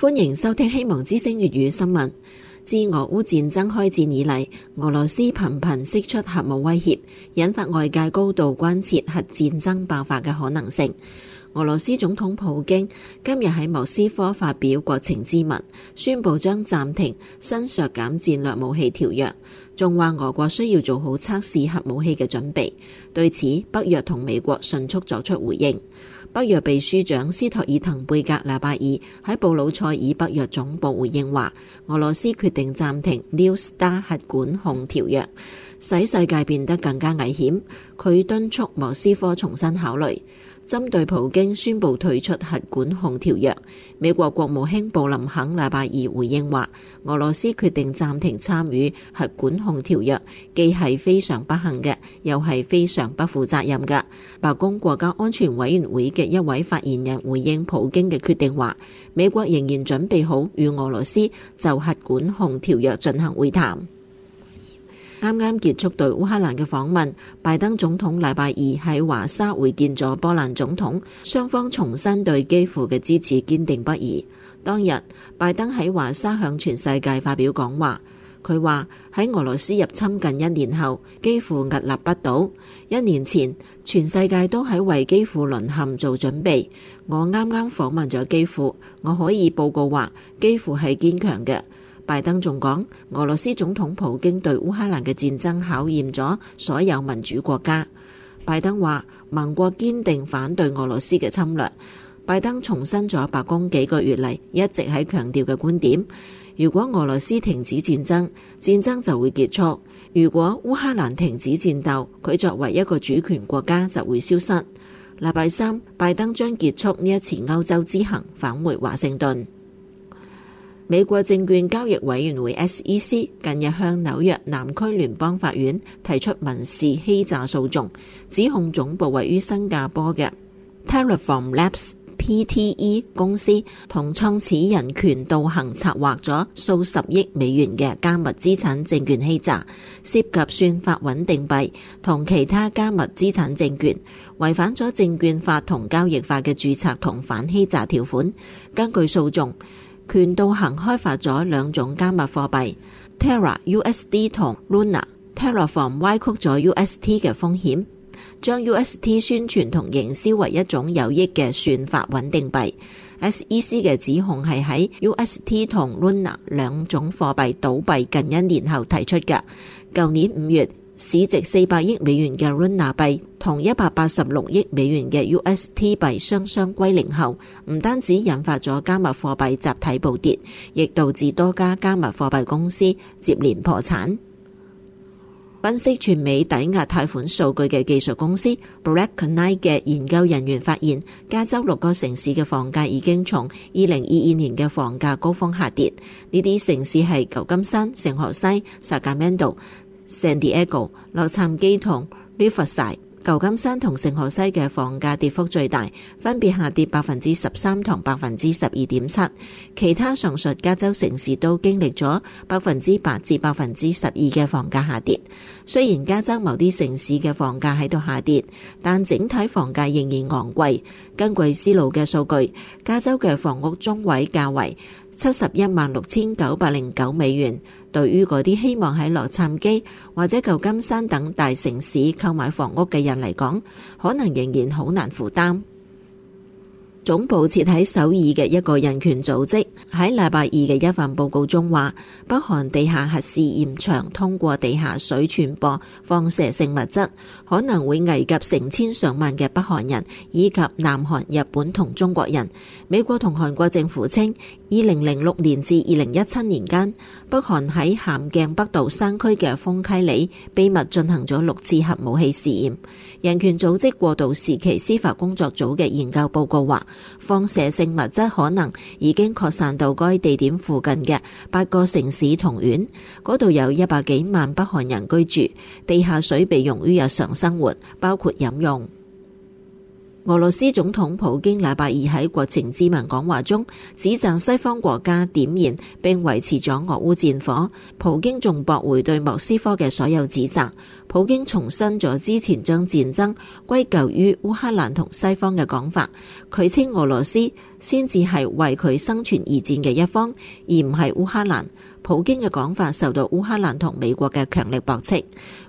歡迎收聽《希望之聲》粵語新聞。自俄烏戰爭開戰以嚟，俄羅斯頻頻釋出核武威脅，引發外界高度關切核戰爭爆發嘅可能性。俄羅斯總統普京今日喺莫斯科發表國情咨文，宣布將暫停新削減戰略武器條約。仲話俄國需要做好測試核武器嘅準備，對此北約同美國迅速作出回應。北約秘書長斯托爾滕貝格拿拜爾喺布魯塞爾北約總部回應話：俄羅斯決定暫停 New Star 核管控條約，使世界變得更加危險。佢敦促莫斯科重新考慮。針對普京宣布退出核管控條約，美國國務卿布林肯禮拜二回應話：俄羅斯決定暫停參與核管控條約，既係非常不幸嘅，又係非常不負責任噶。白宮國家安全委員會嘅一位發言人回應普京嘅決定話：美國仍然準備好與俄羅斯就核管控條約進行會談。啱啱結束對烏克蘭嘅訪問，拜登總統禮拜二喺華沙會見咗波蘭總統，雙方重新對基輔嘅支持堅定不移。當日，拜登喺華沙向全世界發表講話，佢話喺俄羅斯入侵近一年後，基輔屹立不倒。一年前，全世界都喺為基輔淪陷做準備。我啱啱訪問咗基輔，我可以報告話，基輔係堅強嘅。拜登仲講，俄羅斯總統普京對烏克蘭嘅戰爭考驗咗所有民主國家。拜登話，盟國堅定反對俄羅斯嘅侵略。拜登重申咗白宮幾個月嚟一直喺強調嘅觀點：如果俄羅斯停止戰爭，戰爭就會結束；如果烏克蘭停止戰鬥，佢作為一個主權國家就會消失。禮拜三，拜登將結束呢一次歐洲之行返回華盛頓。美國證券交易委員會 SEC 近日向紐約南區聯邦法院提出民事欺詐訴訟，指控總部位於新加坡嘅 Terraform Labs PTE 公司同創始人權道行策劃咗數十億美元嘅加密資產證券欺詐，涉及算法穩定幣同其他加密資產證券，違反咗證券法同交易法嘅註冊同反欺詐條款。根據訴訟，權道行開發咗兩種加密貨幣 Terra USD 同 Luna，Terraform，歪曲咗 UST 嘅風險，將 UST 宣傳同營銷為一種有益嘅算法穩定幣。SEC 嘅指控係喺 UST 同 Luna 兩種貨幣倒閉近一年後提出嘅，舊年五月，市值四百億美元嘅 Luna 幣同一百八十六億美元嘅 UST 幣雙雙歸零後，唔單止引發咗加密貨幣集體暴跌，亦導致多家加密貨幣公司接連破產。分析全美抵押貸款數據嘅技術公司 Black Knight 嘅研究人員發現，加州六個城市嘅房價已經從二零二二年嘅房價高峰下跌，呢啲城市係舊金山、聖荷西、薩加門道。San Diego、洛杉磯同 Riverside、舊金山同聖何西嘅房價跌幅最大，分別下跌百分之十三同百分之十二點七。其他上述加州城市都經歷咗百分之八至百分之十二嘅房價下跌。雖然加州某啲城市嘅房價喺度下跌，但整體房價仍然昂貴。根據思路嘅數據，加州嘅房屋中位價為七十一萬六千九百零九美元。對於嗰啲希望喺洛杉磯或者舊金山等大城市購買房屋嘅人嚟講，可能仍然好難負擔。總部設喺首爾嘅一個人權組織喺禮拜二嘅一份報告中話，北韓地下核試驗場通過地下水傳播放射性物質，可能會危及成千上萬嘅北韓人，以及南韓、日本同中國人。美國同韓國政府稱，二零零六年至二零一七年間，北韓喺咸鏡北道山區嘅豐溪里秘密進行咗六次核武器試驗。人權組織過渡時期司法工作組嘅研究報告話，放射性物質可能已經擴散到該地點附近嘅八個城市同縣，嗰度有一百幾萬北韓人居住，地下水被用於日常生活，包括飲用。俄羅斯總統普京禮拜二喺國情咨文講話中，指責西方國家點燃並維持咗俄烏戰火。普京仲駁回對莫斯科嘅所有指責。普京重申咗之前將戰爭歸咎於烏克蘭同西方嘅講法，佢稱俄羅斯先至係為佢生存而戰嘅一方，而唔係烏克蘭。普京嘅講法受到烏克蘭同美國嘅強力駁斥。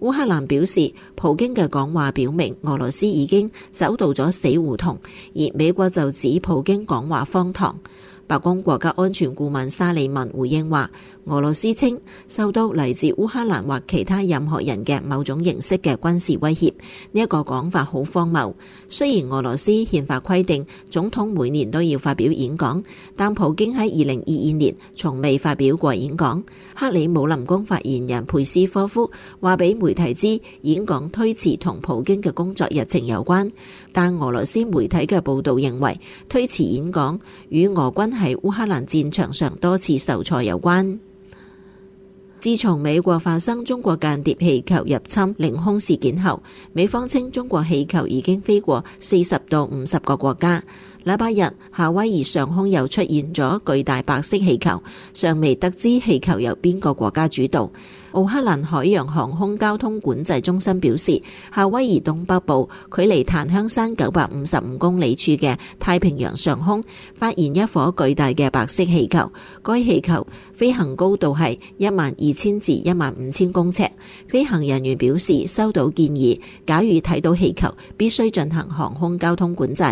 烏克蘭表示，普京嘅講話表明俄羅斯已經走到咗死胡同，而美國就指普京講話荒唐。白宮國家安全顧問沙利文回應話：俄羅斯稱受到來自烏克蘭或其他任何人嘅某種形式嘅軍事威脅呢一個講法好荒謬。雖然俄羅斯憲法規定總統每年都要發表演講，但普京喺二零二二年從未發表過演講。克里姆林宮發言人佩斯科夫話俾媒體知，演講推遲同普京嘅工作日程有關，但俄羅斯媒體嘅報導認為推遲演講與俄軍喺烏克蘭戰場上多次受挫有關。自從美國發生中國間諜氣球入侵領空事件後，美方稱中國氣球已經飛過四十到五十個國家。禮拜日，夏威夷上空又出現咗巨大白色氣球，尚未得知氣球由邊個國家主導。奧克蘭海洋航空交通管制中心表示，夏威夷東北部距離檀香山九百五十五公里處嘅太平洋上空發現一顆巨大嘅白色氣球。該氣球飛行高度係一萬二千至一萬五千公尺。飛行人員表示收到建議，假如睇到氣球，必須進行航空交通管制。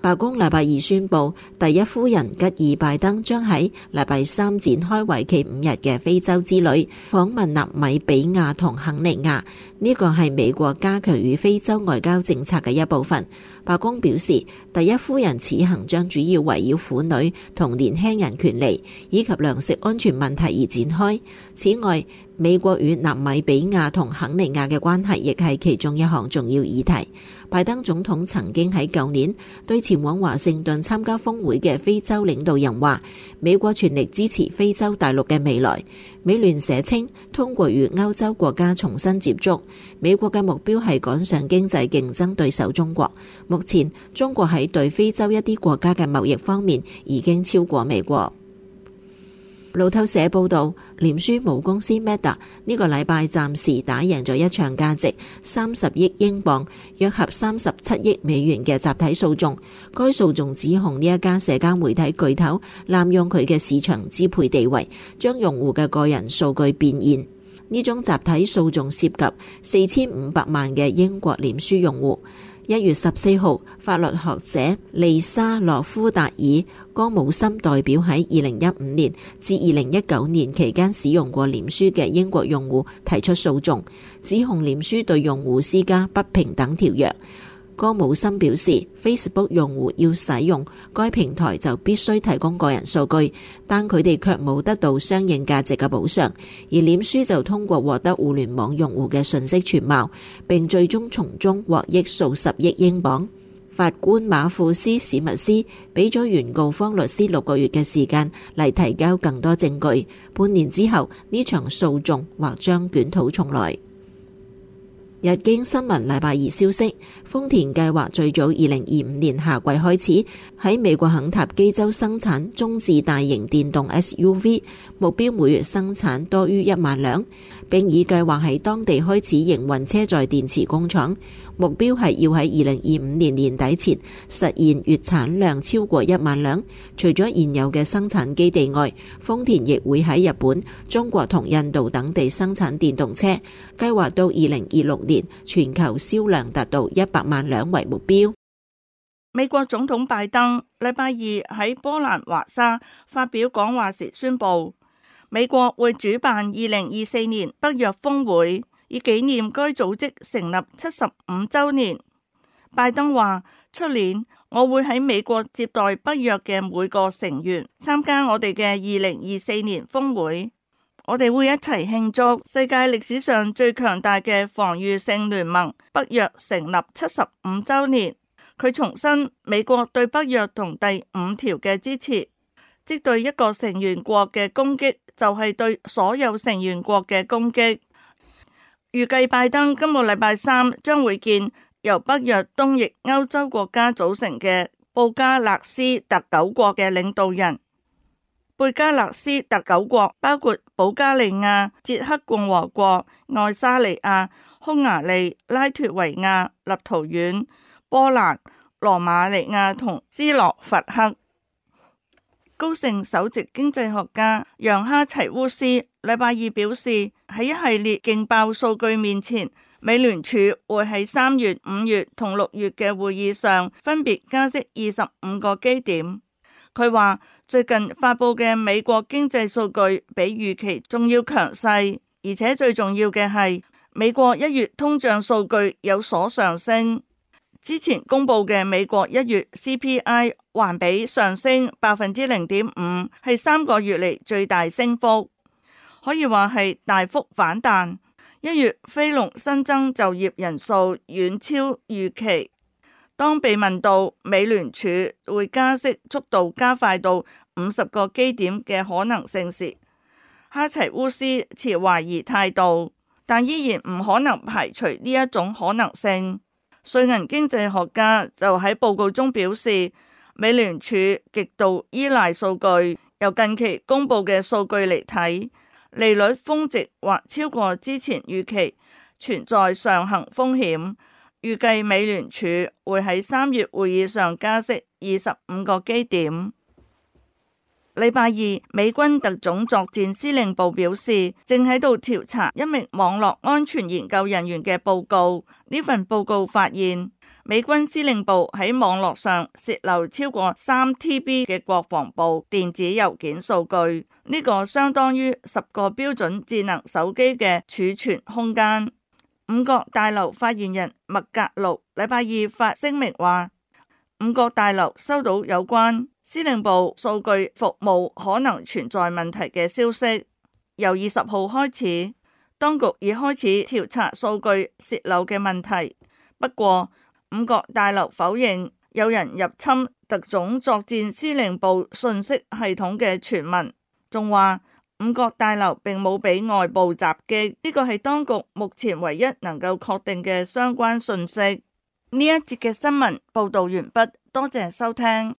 白宮禮拜二宣布，第一夫人吉爾拜登將喺禮拜三展開為期五日嘅非洲之旅，訪問納米比亞同肯尼亞。呢個係美國加強與非洲外交政策嘅一部分。白宮表示，第一夫人此行將主要圍繞婦女同年輕人權利以及糧食安全問題而展開。此外，美國與納米比亞同肯尼亞嘅關係亦係其中一項重要議題，拜登總統曾經喺舊年對前往華盛頓參加峰會嘅非洲領導人話，美國全力支持非洲大陸嘅未來。美聯社稱，通過與歐洲國家重新接觸，美國嘅目標係趕上經濟競爭對手中國，目前，中國喺對非洲一啲國家嘅貿易方面已經超過美國。路透社報道，臉書母公司 Meta 呢個禮拜暫時打贏咗一場價值三十億英鎊（約合三十七億美元）嘅集體訴訟。該訴訟指控呢一家社交媒體巨頭濫用佢嘅市場支配地位，將用戶嘅個人數據變現。呢種集體訴訟涉及四千五百萬嘅英國臉書用戶。一月十四號，法律學者利莎·洛夫達爾、江姆森代表喺二零一五年至二零一九年期間使用過臉書嘅英國用戶提出訴訟，指控臉書對用戶施加不平等條約。戈姆森表示，Facebook 用戶要使用該平台就必須提供個人數據，但佢哋卻冇得到相應價值嘅補償。而臉書就通過獲得互聯網用戶嘅信息全貌，並最終從中獲益數十億英鎊。法官馬庫斯史密斯俾咗原告方律師六個月嘅時間嚟提交更多證據。半年之後，呢場訴訟或將捲土重來。日經新聞禮拜二消息，豐田計劃最早二零二五年夏季開始喺美國肯塔基州生產中置大型電動 SUV，目標每月生產多於一萬輛，並已計劃喺當地開始營運車載電池工廠。目標係要喺二零二五年年底前實現月產量超過一萬輛。除咗現有嘅生產基地外，豐田亦會喺日本、中國同印度等地生產電動車，計劃到二零二六年全球銷量達到一百萬輛為目標。美國總統拜登禮拜二喺波蘭華沙發表講話時宣布，美國會主辦二零二四年北約峰會。以紀念該組織成立七十五周年，拜登話：出年我會喺美國接待北約嘅每個成員參加我哋嘅二零二四年峰會，我哋會一齊慶祝世界歷史上最強大嘅防禦性聯盟北約成立七十五周年。佢重申美國對北約同第五條嘅支持，即對一個成員國嘅攻擊就係對所有成員國嘅攻擊。預計拜登今個禮拜三將會見由北約東翼歐洲國家組成嘅布加勒斯特九國嘅領導人。布加勒斯特九國包括保加利亞、捷克共和國、愛沙尼亞、匈牙利、拉脫維亞、立陶宛、波蘭、羅馬尼亞同斯洛伐克。高盛首席經濟學家楊哈齊烏斯禮拜二表示，喺一系列勁爆數據面前，美聯儲會喺三月、五月同六月嘅會議上分別加息二十五個基點。佢話最近發佈嘅美國經濟數據比預期仲要強勢，而且最重要嘅係美國一月通脹數據有所上升。之前公布嘅美國一月 CPI 環比上升百分之零點五，係三個月嚟最大升幅，可以話係大幅反彈。一月非農新增就業人數遠超預期。當被問到美聯儲會加息速度加快到五十個基點嘅可能性時，哈齊烏斯持懷疑態度，但依然唔可能排除呢一種可能性。瑞銀經濟學家就喺報告中表示，美聯儲極度依賴數據，由近期公布嘅數據嚟睇，利率峰值或超過之前預期，存在上行風險。預計美聯儲會喺三月會議上加息二十五個基點。禮拜二，美軍特種作戰司令部表示，正喺度調查一名網絡安全研究人員嘅報告。呢份報告發現，美軍司令部喺網絡上泄漏超過三 TB 嘅國防部電子郵件數據，呢個相當於十個標準智能手機嘅儲存空間。五角大樓發言人麥格路禮拜二發聲明話，五角大樓收到有關司令部數據服務可能存在問題嘅消息，由二十號開始，當局已開始調查數據洩漏嘅問題。不過，五角大樓否認有人入侵特種作戰司令部信息系統嘅傳聞，仲話五角大樓並冇俾外部襲擊。呢個係當局目前唯一能夠確定嘅相關信息。呢一節嘅新聞報道完畢，多謝收聽。